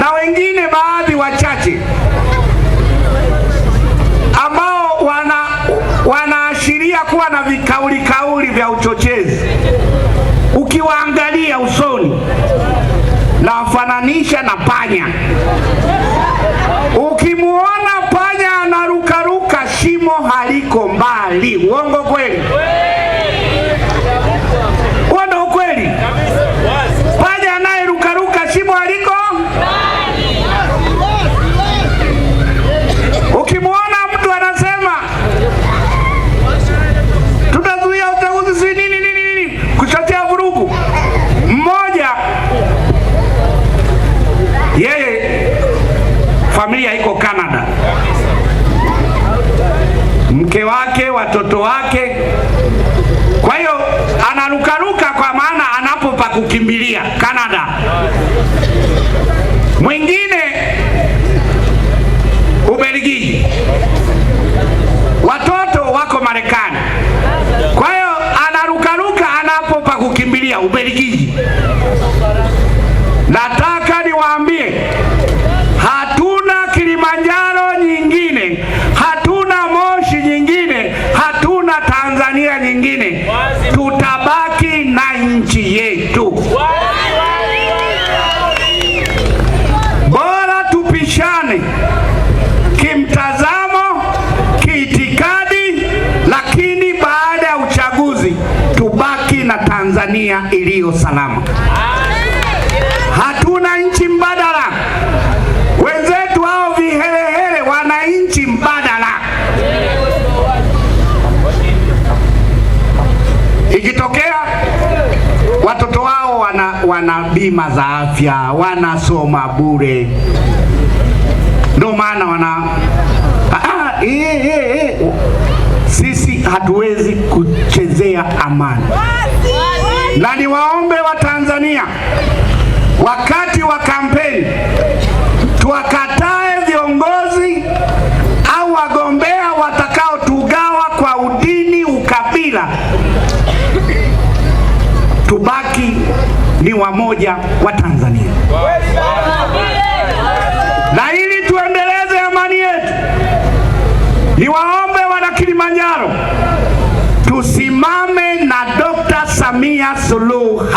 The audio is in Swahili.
na wengine baadhi wachache ambao wana wanaashiria kuwa na vikauli kauli vya uchochezi. Ukiwaangalia usoni nawafananisha na panya. Ukimwona panya anarukaruka, shimo haliko mbali. Uongo kweli? familia iko Canada, mke wake, watoto wake. Kwa hiyo anarukaruka, kwa maana anapo pa kukimbilia Canada. Mwingine Ubelgiji, watoto wako Marekani. Kwa hiyo anarukaruka, anapo pa kukimbilia Ubelgiji. tutabaki na nchi yetu. Bora tupishane kimtazamo, kiitikadi, lakini baada ya uchaguzi tubaki na Tanzania iliyo salama. wana bima za afya, wanasoma bure, ndio maana wana ah, ah, eh, eh, eh. Sisi hatuwezi kuchezea amani, na niwaombe Watanzania wakati wa kampeni tuwakatae viongozi au wagombea watakaotugawa kwa udini, ukabila. Tubaki ni wamoja wa Tanzania Na ili tuendeleze amani yetu, niwaombe wana Kilimanjaro tusimame na Dr. Samia Suluhu